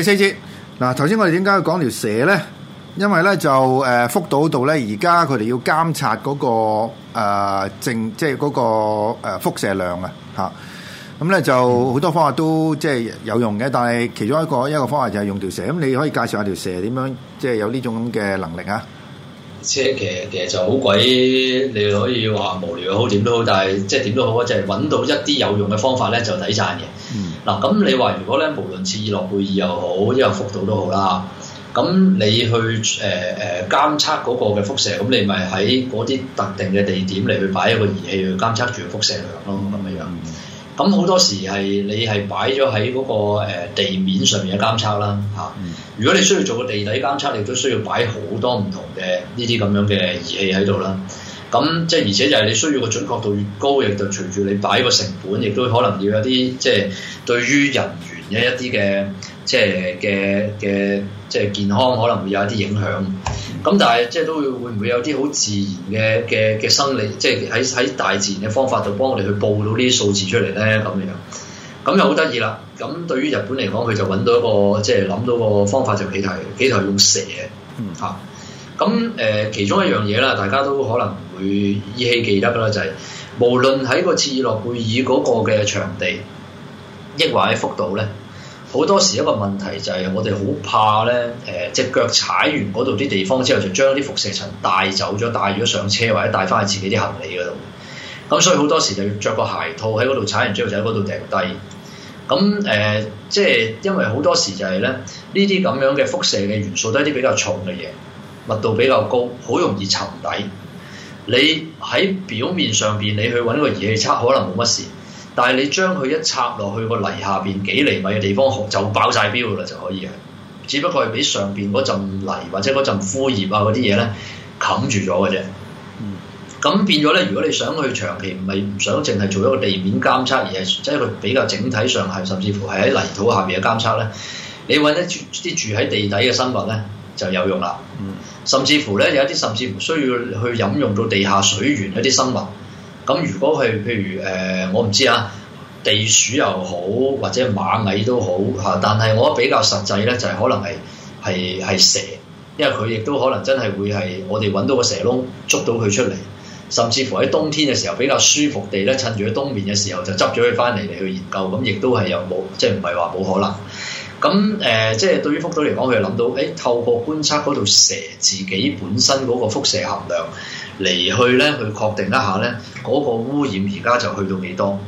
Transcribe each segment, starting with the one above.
第四節。嗱，頭先我哋點解要講條蛇咧？因為咧就誒，福島度咧而家佢哋要監察嗰個誒，淨即係嗰個誒輻射量啊吓。咁咧就好多方法都即係有用嘅，但係其中一個一個方法就係用條蛇。咁你可以介紹下條蛇點樣即係有呢種咁嘅能力啊？車騎其，其實就好鬼，你可以話無聊又好點都好，但係即係點都好，就係揾到一啲有用嘅方法咧，就抵贊嘅。嗱、嗯，咁你話如果咧，無論切爾諾貝爾又好，因為福島都好啦，咁你去誒誒、呃、監測嗰個嘅輻射，咁你咪喺嗰啲特定嘅地點嚟去擺一個儀器去監測住輻射量咯，咁樣樣。咁好多時係你係擺咗喺嗰個誒地面上面嘅監測啦，嚇、嗯。如果你需要做個地底監測，你都需要擺好多唔同嘅呢啲咁樣嘅儀器喺度啦。咁即係而且就係你需要個準確度越高，亦就隨住你擺個成本，亦都可能要有啲即係對於人員嘅一啲嘅即係嘅嘅即係健康可能會有一啲影響。咁、嗯、但係即係都會會唔會有啲好自然嘅嘅嘅生理，即係喺喺大自然嘅方法度幫我哋去報到呢啲數字出嚟咧咁樣，咁就好得意啦。咁對於日本嚟講，佢就揾到一個即係諗到個方法，就係幾頭幾頭用蛇嚇。咁誒、嗯啊呃、其中一樣嘢啦，大家都可能會依稀記得㗎啦，就係、是、無論喺個切爾諾貝爾嗰個嘅場地，抑或喺福島咧。好多時一個問題就係我哋好怕呢誒隻、呃、腳踩完嗰度啲地方之後，就將啲輻射塵帶走咗，帶咗上車或者帶翻去自己啲行李嗰度。咁所以好多時就要着個鞋套喺嗰度踩完之後就喺嗰度掟低。咁誒，即、呃、係、就是、因為好多時就係咧，呢啲咁樣嘅輻射嘅元素都係啲比較重嘅嘢，密度比較高，好容易沉底。你喺表面上邊你去揾個儀器測，可能冇乜事。但係你將佢一插落去個泥下邊幾厘米嘅地方，就爆晒標噶啦，就可以嘅。只不過係俾上邊嗰陣泥或者嗰陣枯葉啊嗰啲嘢咧冚住咗嘅啫。嗯，咁變咗咧，如果你想去長期唔係唔想淨係做一個地面監測，而係即係一個比較整體上係甚至乎係喺泥土下邊嘅監測咧，你揾一啲住喺地底嘅生物咧就有用啦。嗯，甚至乎咧有，嗯，有一啲甚至乎需要去飲用到地下水源一啲生物。咁如果係譬如誒、呃，我唔知啊，地鼠又好，或者螞蟻都好嚇，但係我比較實際咧，就係、是、可能係係係蛇，因為佢亦都可能真係會係我哋揾到個蛇窿捉到佢出嚟，甚至乎喺冬天嘅時候比較舒服地咧，趁住喺冬眠嘅時候就執咗佢翻嚟嚟去研究，咁亦都係有冇即係唔係話冇可能？咁誒，即、呃、係、就是、對於福島嚟講，佢就諗到誒、欸，透過觀察嗰度蛇自己本身嗰個輻射含量。嚟去咧，去確定一下咧，嗰、那個污染而家就去到幾多？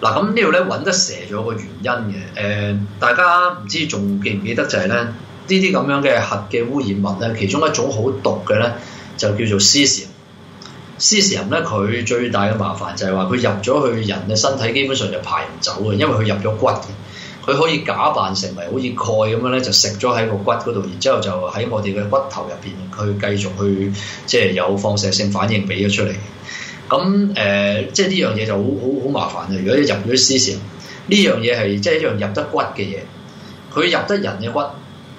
嗱、嗯，咁、啊、呢度咧揾得蛇咗個原因嘅。誒、呃，大家唔知仲記唔記得就係咧呢啲咁樣嘅核嘅污染物咧，其中一種好毒嘅咧，就叫做 caesium。caesium 咧，佢最大嘅麻煩就係話佢入咗去人嘅身體，基本上就排唔走嘅，因為佢入咗骨。佢可以假扮成為好似鈣咁樣咧，就食咗喺個骨嗰度，然之後就喺我哋嘅骨頭入邊去佢繼續去即係有放射性反應俾咗出嚟。咁誒、呃，即係呢樣嘢就好好好麻煩啊！如果你入咗啲屍線，呢樣嘢係即係一樣入得骨嘅嘢。佢入得人嘅骨，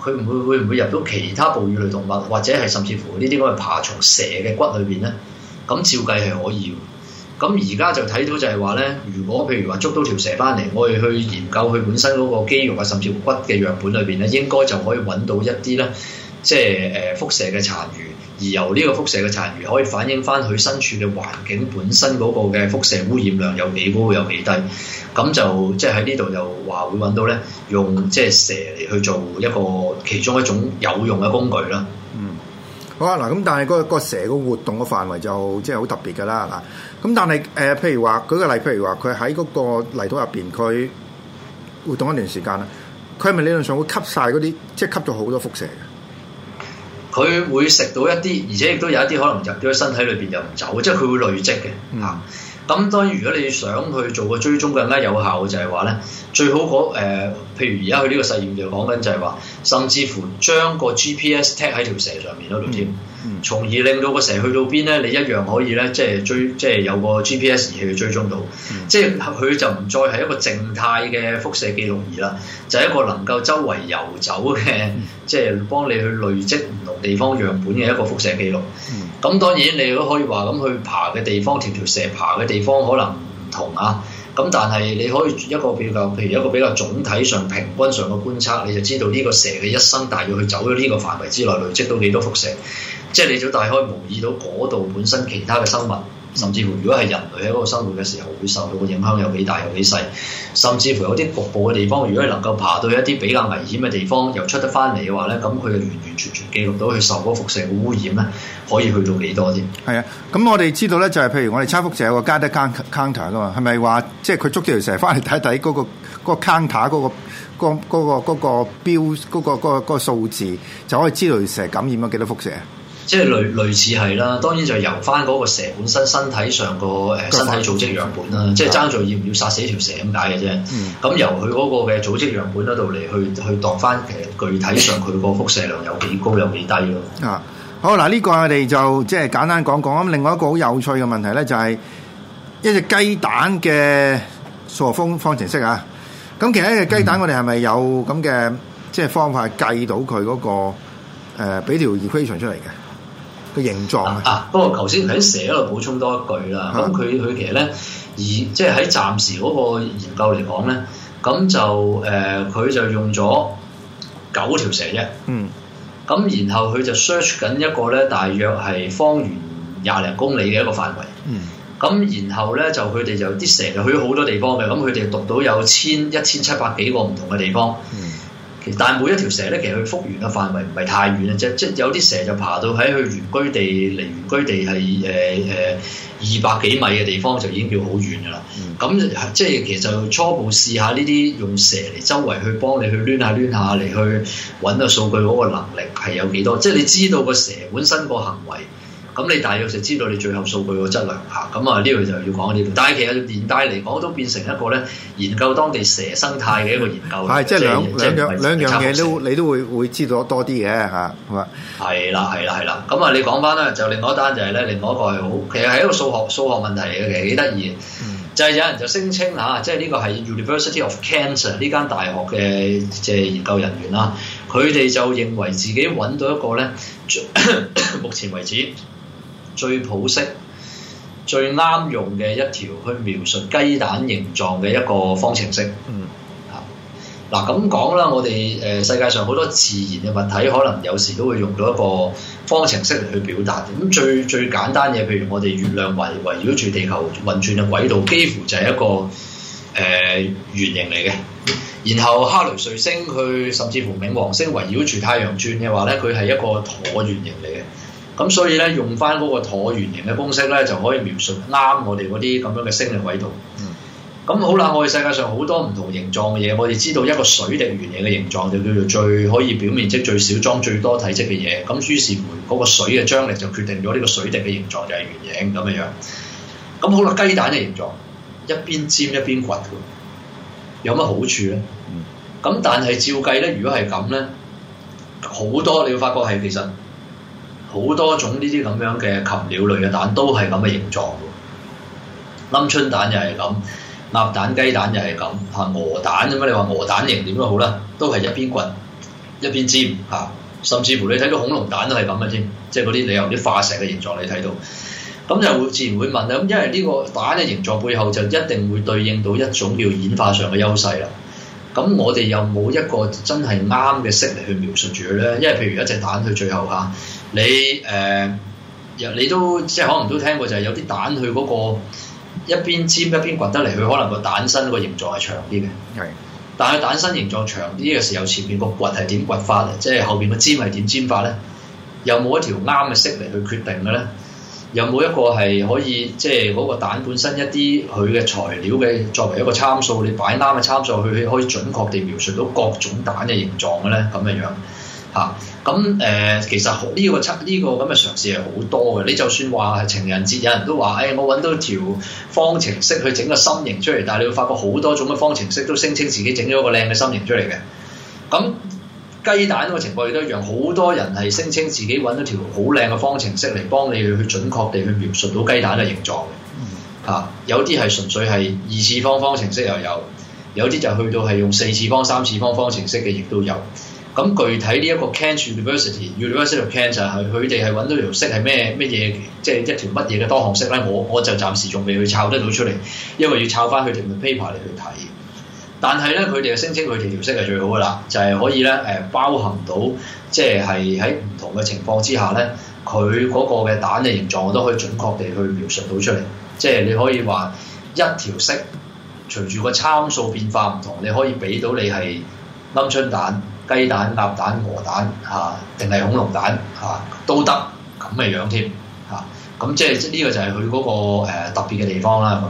佢唔會會唔會入到其他哺乳類動物或者係甚至乎呢啲咁嘅爬蟲蛇嘅骨裏邊咧？咁照計係可以。咁而家就睇到就係話呢，如果譬如話捉到條蛇翻嚟，我哋去研究佢本身嗰個肌肉啊，甚至骨嘅樣本裏邊呢，應該就可以揾到一啲呢，即係誒輻射嘅殘餘，而由呢個輻射嘅殘餘可以反映翻佢身處嘅環境本身嗰個嘅輻射污染量有幾高，有幾低，咁就即係喺呢度就話會揾到呢，用即係蛇嚟去做一個其中一種有用嘅工具啦。嗱咁、啊，但係個個蛇個活動個範圍就即係好特別噶啦，嗱咁，但係誒，譬如話舉個例，譬如話佢喺嗰個泥土入邊，佢活動一段時間啦，佢係咪理論上會吸晒嗰啲，即係吸咗好多輻射嘅？佢會食到一啲，而且亦都有一啲可能入咗身體裏邊又唔走，即係佢會累積嘅。啊、嗯，咁當然如果你想去做個追蹤更加有效就係話咧，最好嗰誒譬如而家佢呢個實驗就講緊就係話，甚至乎將個 GPS 踢喺條蛇上面嗰度添，嗯、從而令到個蛇去到邊咧，你一樣可以咧，即係追，即係有個 GPS 去追蹤到。嗯、即係佢就唔再係一個靜態嘅輻射記錄儀啦，就係、是、一個能夠周圍遊走嘅，即係、嗯、幫你去累積唔同地方樣本嘅一個輻射記錄。咁、嗯、當然你都可以話咁，去爬嘅地方，條條蛇爬嘅地方可能唔同啊。咁但係你可以一個比較，譬如一個比較總體上、平均上嘅觀察，你就知道呢個蛇嘅一生，大約佢走咗呢個範圍之內，累積到幾多輻射，即係你就大概可以模擬到嗰度本身其他嘅生物。甚至乎，如果係人類喺嗰個生活嘅時候會受到佢影響有幾大有幾細，甚至乎有啲局部嘅地方，如果能夠爬到一啲比較危險嘅地方，又出得翻嚟嘅話咧，咁佢就完完全全記錄到佢受嗰個輻射嘅污染咧，可以去到幾多添。係啊，咁我哋知道咧，就係譬如我哋測輻射有個 Geiger counter 噶嘛，係咪話即係佢捉條蛇翻嚟睇睇嗰個嗰、嗰個 counter 嗰、嗰個嗰嗰、嗰個嗰、嗰個嗰個標嗰、嗰個嗰、嗰個嗰個數字就可以知道條蛇感染咗幾多輻射？即係類類似係啦，當然就係由翻嗰個蛇本身身體上個誒、呃、身體組織樣本啦，嗯、即係爭做要唔要殺死條蛇咁解嘅啫。咁、嗯、由佢嗰個嘅組織樣本嗰度嚟去去當翻誒具體上佢個輻射量有幾高有幾低咯。啊，好嗱，呢個我哋就即係簡單講講。咁另外一個好有趣嘅問題咧、就係，就係一隻雞蛋嘅數學方方程式啊。咁其他一隻雞蛋，嗯、我哋係咪有咁嘅即係方法計到佢嗰、嗰個誒俾、呃、條 equation 出嚟嘅？個形狀啊！啊，不過頭先喺蛇度、嗯、補充多一句啦。咁佢佢其實咧，而即係喺暫時嗰個研究嚟講咧，咁就誒，佢、呃、就用咗九條蛇啫。嗯。咁然後佢就 search 緊一個咧，大約係方圓廿零公里嘅一個範圍。嗯。咁然後咧，就佢哋就啲蛇去咗好多地方嘅，咁佢哋讀到有千一千七百幾個唔同嘅地方。嗯。但係每一條蛇咧，其實佢復原嘅範圍唔係太遠嘅啫，即係有啲蛇就爬到喺佢原居地，離原居地係誒誒二百幾米嘅地方就已經叫好遠㗎啦。咁、嗯、即係其實就初步試下呢啲用蛇嚟周圍去幫你去攣下攣下嚟去揾個數據嗰個能力係有幾多？即係你知道個蛇本身個行為。咁你大約就知道你最後數據個質量嚇，咁啊呢度、這個、就要講呢、這、度、個。但係其實連帶嚟講都變成一個咧研究當地蛇生態嘅一個研究，係、嗯、即係是兩即兩兩兩嘢都你都會會知道多啲嘅嚇，係嘛？係啦係啦係啦。咁啊，你講翻啦，就另外一單就係咧，另外一個係好，其實係一個數學數學問題嚟嘅，其實幾得意。就係、是、有人就聲稱嚇、啊，即係呢個係 University of Kent 呢間大學嘅即係研究人員啦，佢、啊、哋就認為自己揾到一個咧，目前為止。最普適、最啱用嘅一條去描述雞蛋形狀嘅一個方程式。嗯，嗱咁講啦，我哋誒世界上好多自然嘅物體可能有時都會用到一個方程式嚟去表達。咁最最簡單嘢，譬如我哋月亮圍圍繞住地球運轉嘅軌道，幾乎就係一個誒、呃、圓形嚟嘅。然後哈雷彗星佢甚至乎冥王星圍繞住太陽轉嘅話咧，佢係一個橢圓形嚟嘅。咁所以咧，用翻嗰個橢圓形嘅公式咧，就可以描述啱我哋嗰啲咁樣嘅星嘅軌道。嗯。咁好啦，我哋世界上好多唔同形狀嘅嘢，我哋知道一個水滴圓形嘅形狀就叫做最可以表面積最少、裝最多體積嘅嘢。咁於是乎，嗰個水嘅張力就決定咗呢個水滴嘅形狀就係圓形咁嘅樣。咁好啦，雞蛋嘅形狀一邊尖一邊滾，有乜好處咧？嗯。咁但係照計咧，如果係咁咧，好多你會發覺係其實。好多種呢啲咁樣嘅禽鳥類嘅蛋都係咁嘅形狀喎，鵪鶉蛋又係咁，鴨蛋、雞蛋又係咁嚇，鵝蛋咁啊！你話鵝蛋型點都好啦，都係一邊滾一邊尖嚇，啊。甚至乎你睇到恐龍蛋都係咁嘅啫，即係嗰啲你有啲化石嘅形狀你睇到，咁就會自然會問啦。咁因為呢個蛋嘅形狀背後就一定會對應到一種叫演化上嘅優勢啦。咁我哋又冇一個真係啱嘅式嚟去描述住佢咧？因為譬如一隻蛋，佢最後嚇。你誒，又、呃、你都即係可能都聽過，就係有啲蛋，佢嗰個一邊尖一邊掘得嚟，佢可能個蛋身個形狀係長啲嘅。係的，但係蛋身形狀長啲嘅時候，前面個掘係點掘法咧？即係後邊個尖係點尖法咧？有冇一條啱嘅式嚟去決定嘅咧？有冇一個係可以即係嗰個蛋本身一啲佢嘅材料嘅作為一個參數，你擺啱嘅參數去可以準確地描述到各種蛋嘅形狀嘅咧？咁嘅樣。嚇！咁誒，其實呢個七呢個咁嘅嘗試係好多嘅。你就算話係情人節，有人都話，誒，我揾到條方程式去整個心形出嚟。但係你會發覺好多種嘅方程式都聲稱自己整咗個靚嘅心形出嚟嘅。咁雞蛋個情況亦都一樣，好多人係聲稱自己揾到條好靚嘅方程式嚟幫你去準確地去描述到雞蛋嘅形狀嘅。嚇！有啲係純粹係二次方方程式又有，有啲就去到係用四次方、三次方方程式嘅，亦都有。咁具體呢一個 Kent University、University of Kent 就係佢哋係揾到條式係咩咩嘢，即係一條乜嘢嘅多項式咧。我我就暫時仲未去抄得到出嚟，因為要抄翻佢條 paper 嚟去睇。但係咧，佢哋嘅聲稱佢條條式係最好嘅啦，就係、是、可以咧誒包含到，即係喺唔同嘅情況之下咧，佢嗰個嘅蛋嘅形狀都可以準確地去描述到出嚟。即係你可以話一條式隨住個參數變化唔同，你可以俾到你係鵪鶉蛋。雞蛋、鴨蛋、鵝蛋嚇，定係恐龍蛋嚇都得咁嘅樣添嚇。咁、啊、即係呢個就係佢嗰個特別嘅地方啦。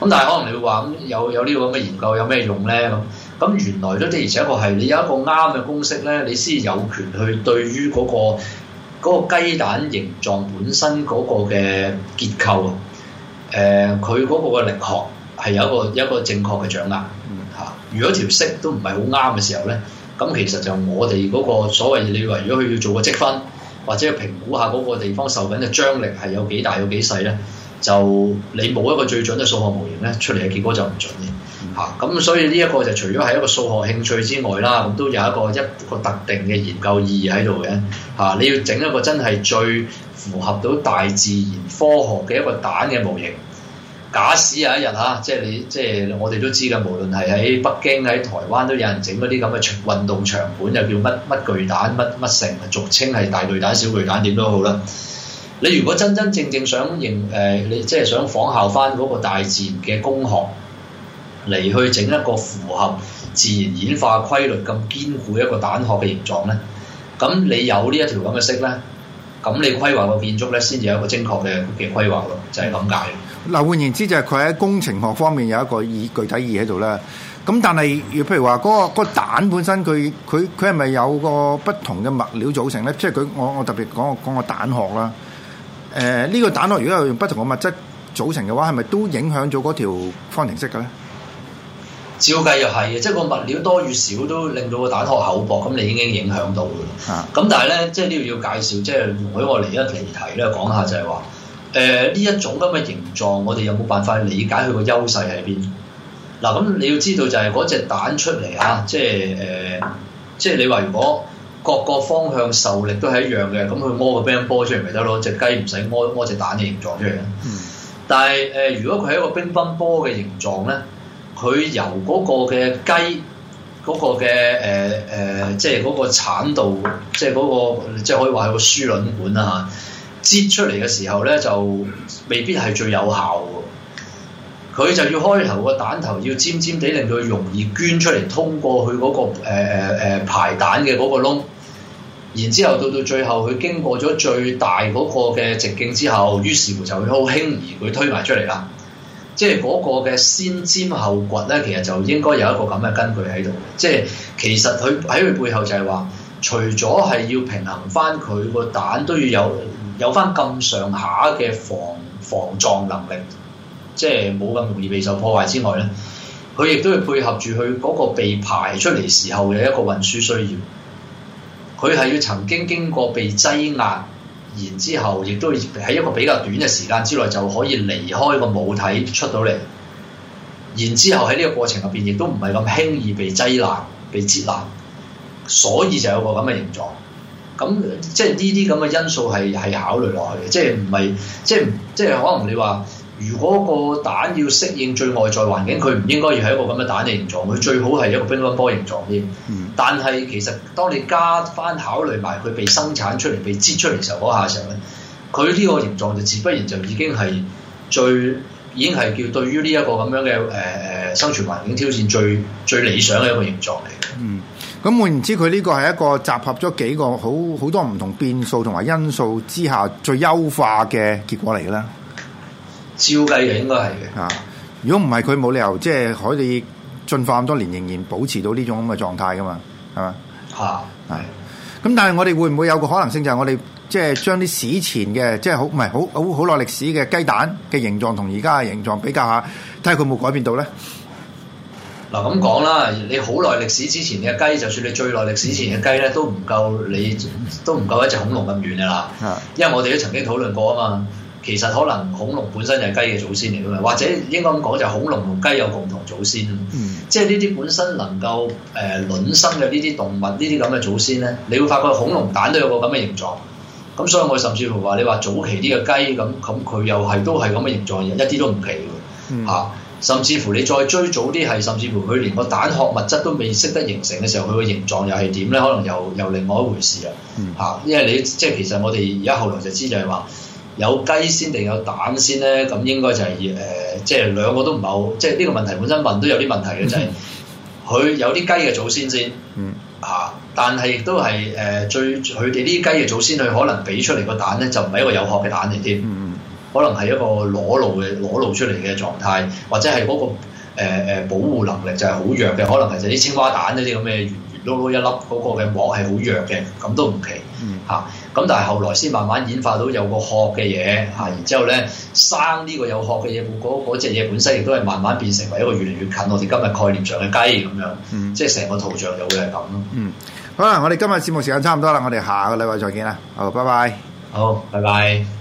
咁、啊、但係可能你會話咁有有呢個咁嘅研究有咩用咧？咁咁原來都，的而且確係你有一個啱嘅公式咧，你先有權去對於嗰個嗰個雞蛋形狀本身嗰個嘅結構誒，佢嗰個嘅力學係有一個有一個正確嘅掌握嚇、啊。如果條式都唔係好啱嘅時候咧，咁其實就我哋嗰個所謂你為咗佢要做個積分，或者評估下嗰個地方受緊嘅張力係有幾大有幾細呢，就你冇一個最準嘅數學模型呢，出嚟嘅結果就唔準嘅嚇。咁、啊、所以呢一個就除咗係一個數學興趣之外啦，咁、啊、都有一個一,一個特定嘅研究意義喺度嘅嚇。你要整一個真係最符合到大自然科學嘅一個蛋嘅模型。假使有一日嚇，即係你，即係我哋都知嘅，無論係喺北京、喺台灣都有人整嗰啲咁嘅場運動場館，又叫乜乜巨蛋、乜乜城，俗稱係大巨蛋、小巨蛋，點都好啦。你如果真真正正，正想認誒、呃，你即係想仿效翻嗰個大自然嘅工學嚟去整一個符合自然演化規律咁堅固一個蛋殼嘅形狀咧，咁你有呢一條咁嘅色咧，咁你規劃個建築咧，先至有一個精確嘅嘅規劃咯，就係咁解。嗱，換言之就係佢喺工程學方面有一個意具體意義喺度啦。咁但係，譬如話嗰、那個嗰、那個、蛋本身佢佢佢係咪有個不同嘅物料組成咧？即係佢我我特別講個講個蛋殼啦。誒、呃，呢、這個蛋殼如果用不同嘅物質組成嘅話，係咪都影響咗嗰條方程式嘅咧？照計又係嘅，即係個物料多與少都令到個蛋殼厚薄咁，你已經影響到嘅。啊！咁但係咧，即係呢度要介紹，即係我我離一離題咧講下就係話。誒呢、呃、一種咁嘅形狀，我哋有冇辦法去理解佢個優勢喺邊？嗱，咁你要知道就係嗰隻蛋出嚟啊！即係誒、呃，即係你話如果各個方向受力都係一樣嘅，咁佢摸個乒乓波出嚟咪得咯？隻雞唔使摸摸隻蛋嘅形狀出嚟。嗯、但係誒、呃，如果佢係一個乒乓波嘅形狀咧，佢由嗰個嘅雞嗰、嗰個嘅誒誒，即係嗰個產道，即係嗰、嗰個即係可以話係個輸卵管啦嚇。啊擠出嚟嘅時候咧，就未必係最有效喎。佢就要開頭個蛋頭要尖尖地，令到佢容易捐出嚟，通過佢嗰、嗰個誒誒、呃呃、排蛋嘅嗰個窿。然之後到到最後，佢經過咗最大嗰個嘅直徑之後，於是乎就會好輕易佢推埋出嚟啦。即係嗰個嘅先尖後掘咧，其實就應該有一個咁嘅根據喺度。即係其實佢喺佢背後就係話，除咗係要平衡翻佢個蛋都要有。有翻咁上下嘅防防撞能力，即係冇咁容易被受破壞之外咧，佢亦都係配合住佢嗰個被排出嚟時候嘅一個運輸需要，佢係要曾經經過被擠壓，然之後亦都喺一個比較短嘅時間之內就可以離開個母體出到嚟，然之後喺呢個過程入邊亦都唔係咁輕易被擠爛、被折爛，所以就有個咁嘅形狀。咁即係呢啲咁嘅因素係係考慮落去嘅，即係唔係即係即係可能你話，如果個蛋要適應最外在環境，佢唔應該要係一個咁嘅蛋嘅形狀，佢最好係一個乒乓波形狀添。但係其實當你加翻考慮埋佢被生產出嚟、被擠出嚟時候嗰下時候咧，佢呢個形狀就自不然就已經係最已經係叫對於呢一個咁樣嘅誒誒生存環境挑戰最最理想嘅一個形狀嚟嘅。嗯咁換言之，佢呢個係一個集合咗幾個好好多唔同變數同埋因素之下最優化嘅結果嚟嘅啦。照計就應該係嘅。如果唔係佢冇理由即係可以進化咁多年，仍然保持到呢種咁嘅狀態噶嘛，係嘛？嚇的，係。咁但係我哋會唔會有個可能性就係、係、我哋即係將啲史前嘅即係好唔係好好好耐歷史嘅雞蛋嘅形狀同而家嘅形狀比較下，睇下佢有冇改變到咧？嗱咁講啦，你好耐歷史之前嘅雞，就算你最耐歷史之前嘅雞咧，都唔夠你都唔夠一隻恐龍咁遠嘅啦。因為我哋都曾經討論過啊嘛，其實可能恐龍本身就係雞嘅祖先嚟噶嘛，或者應該咁講就恐龍同雞有共同祖先、嗯、即係呢啲本身能夠誒、呃、卵生嘅呢啲動物，呢啲咁嘅祖先咧，你會發覺恐龍蛋都有個咁嘅形狀。咁所以我甚至乎話，你話早期啲嘅雞咁咁，佢又係都係咁嘅形狀，一啲都唔奇喎嚇。甚至乎你再追早啲係，甚至乎佢連個蛋殼物質都未識得形成嘅時候，佢個形狀又係點咧？可能又又另外一回事啦。嚇、嗯，因為你即係其實我哋而家後來就知就係話，有雞先定有蛋先咧？咁應該就係、是、誒、呃，即係兩個都唔係好。即係呢個問題本身問都有啲問題嘅，嗯、就係佢有啲雞嘅祖先先嚇，嗯、但係亦都係誒最佢哋呢啲雞嘅祖先，佢可能俾出嚟個蛋咧，就唔係一個有殼嘅蛋嚟添。嗯嗯可能係一個裸露嘅裸露出嚟嘅狀態，或者係嗰、嗰個誒、呃、保護能力就係好弱嘅，可能其實啲青蛙蛋嗰啲咁嘅圓圓碌碌一粒，嗰個嘅膜係好弱嘅，咁都唔奇嚇。咁、啊、但係後來先慢慢演化到有個殼嘅嘢嚇，然之後咧生呢個有殼嘅嘢，嗰嗰隻嘢本身亦都係慢慢變成為一個越嚟越近我哋今日概念上嘅雞咁樣，嗯、即係成個圖像就會係咁咯。嗯，好啦，我哋今日節目時間差唔多啦，我哋下個禮拜再見啦。好，拜拜。好，拜拜。